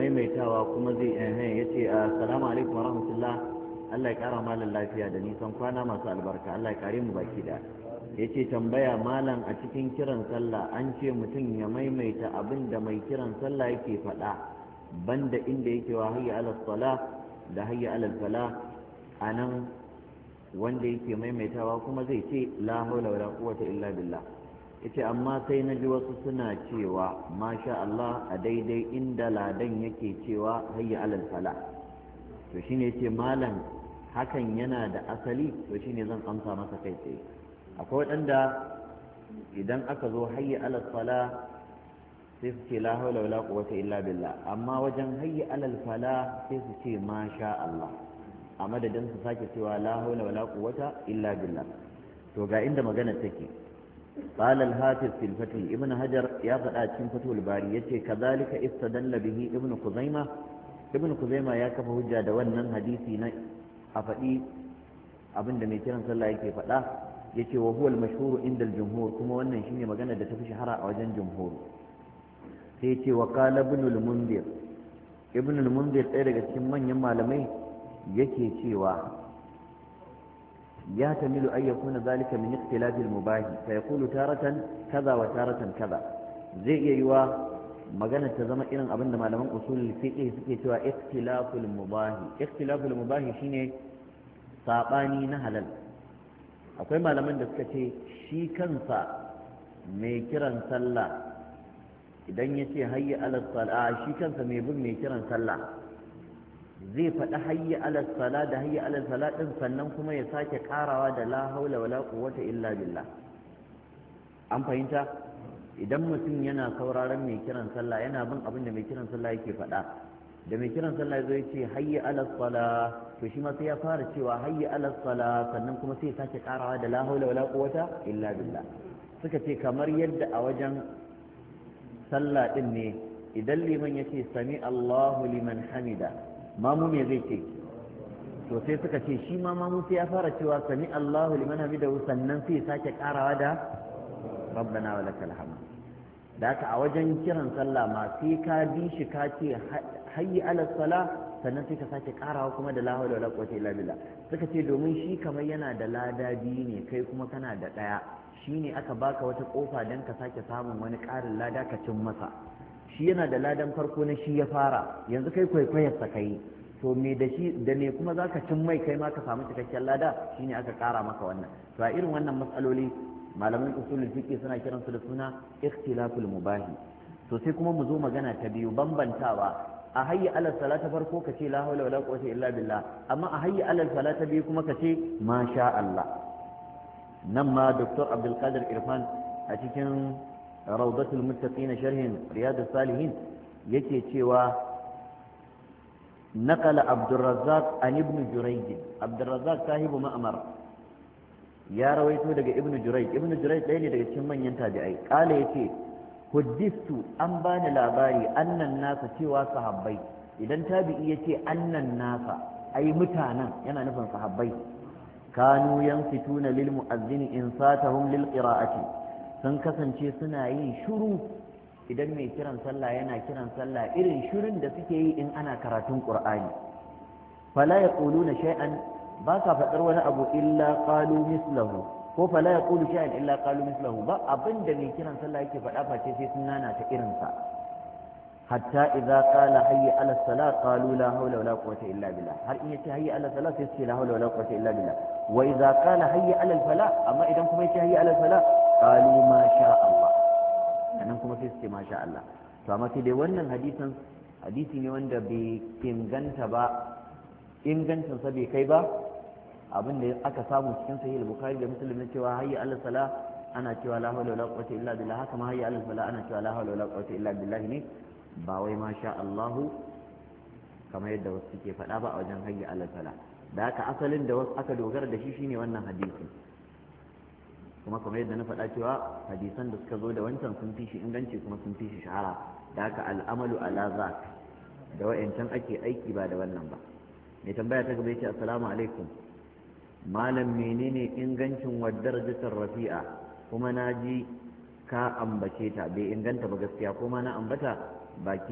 maimaitawa kuma zai ehem eh, ya ce ah, salamu alaikum wa rahmatullah Allah ya kara malam lafiya da nisan kwana masu albarka Allah ya kare mu baki da ya ce tambaya malam a cikin kiran sallah an ce mutum ya maimaita abin da mai kiran sallah yake faɗa banda inda yake wa hayya ala sala da hayya ala sala a nan wanda yake maimaitawa kuma zai ce la haula wala quwwata illa billah yace amma sai na ji wasu suna cewa masha Allah a daidai inda ladan yake cewa hayya alal fala to shine ce malam hakan yana da asali to shine zan amsa masa kai tsaye akwai waɗanda idan aka zo hayya alal fala sai su ce la haula wala quwwata illa billah amma wajen hayya alal fala sai su ce masha Allah a madadin su sake cewa la haula wala quwwata illa billah to ga inda magana take قال الهاتف في الفتح hajar ya يا فدا cikin فتح ya ce kadhalika istadalla bihi ibn khuzaimah ibnu khuzaimah ya kafa hujja da wannan hadisi na a abinda mai kiran sallah yake fada yace wa huwa al inda al-jumhur kuma wannan shine magana da tafi shahara a wajen jumhur sai yace wa qala ibn al-mundhir ibn al-mundhir daga cikin manyan malamai yake cewa ya zalika min ikhtilafil mubahi fa yaqulu taratan kaza wa taratan kaza zai iya yiwa magana ta zama irin abin da malaman usulul fiqh suke cewa ikhtilaful mubahi ikhtilaful mubahi shine sabani na halal akwai malaman da suka ce shi kansa mai kiran sallah idan ya ce hayya ala salah shi kansa mai bin mai kiran sallah zai faɗi hayyi alal sala da hayyi alal sala din sannan kuma ya sake karawa da la haula wala quwwata illa billah an fahimta idan mutum yana sauraron mai kiran sallah yana bin abin da mai kiran sallah yake faɗa da mai kiran sallah zai ce hayyi ala sala to shi ma sai ya fara cewa hayyi ala sala sannan kuma sai ya sake karawa da la haula wala quwwata illa billah suka ce kamar yadda a wajen sallah din ne idan liman yace sami Allahu liman hamida mamu me zai ce to sai suka ce shi ma mamu sai ya fara cewa sami Allahu liman hamidahu sannan sai sake karawa da rabbana wa lakal hamd da haka a wajen kiran sallah ma sai ka bi shi ka ce hayyi ala sala sannan sai ka sake karawa kuma da la wala quwwata illa billah suka ce domin shi kamar yana da lada biyu ne kai kuma kana da daya shine aka baka wata kofa dan ka sake samun wani karin lada ka cin masa shi yana da ladan farko na shi ya fara yanzu kai kwaikwayar sa kai to me da shi da me kuma zaka cin mai kai ma ka samu cikakken lada shine aka kara maka wannan to a irin wannan matsaloli malaman usulul fiqh suna kiran su da suna ikhtilaful mubahi to sai kuma mu zo magana ta biyu bambantawa a hayya alal salata farko ka ce la haula wala quwwata illa billah amma a hayya alal salata biyu kuma ka ce ma Allah nan ma Dr. Abdul Qadir Irfan a cikin rawdatul na sharhin riyadus salihin yake cewa naqala abdurrazzaq an ibn jurayj abdurrazzaq sahibu ma'mar ya rawaito daga ibn jurayj ibn jurayj ɗaya ne daga cikin manyan tabi'ai kala yace huddistu an bani labari annan nasa cewa sahabbai idan tabi'i yace annan nasa ai mutanen yana nufin sahabbai kanu yansituna lil mu'azzini insatahum lil qira'ati sun kasance suna yin shuru idan mai kiran sallah yana kiran sallah irin shirin da suke yi in ana karatun qur'ani fala na sha'an ba ka faɗar wani abu illa qalu mislahu ko fala yaqulu sha'an illa qalu mislahu ba abinda mai kiran sallah yake faɗa face sai sun nana ta irin hatta idza qala hayya ala salat qalu la hawla wala quwwata illa billah har in yace hayya ala salat sai ce la hawla wala quwwata illa billah wa idza qala hayya ala falah amma idan kuma yace hayya ala falah qalu ma sha Allah anan kuma sai suke ce ma sha Allah to amma sai dai wannan hadisin hadisi ne wanda bai inganta ba ingancin sa bai kai ba abin da aka samu cikin sahih bukhari da muslim na cewa hayya ala sala ana cewa la hawla wala quwwata illa billah haka ma hayya ala sala ana cewa la hawla wala quwwata illa billah ne ba wai ma sha Allah kamar yadda wasu suke faɗa ba a wajen hayya ala sala da haka asalin da wasu aka dogara da shi shine wannan hadisi kuma kamar yadda na faɗa cewa hadisan da suka zo da wancan sun fi shi inganci kuma sun fi shi shahara da haka al'amalu ala za da wa'yancan ake aiki ba da wannan ba mai tambaya ta gaba ce assalamu alaikum malam menene ingancin waddar jitar rafi'a kuma na ji ka ambace ta bai inganta ba gaskiya kuma na ambata baki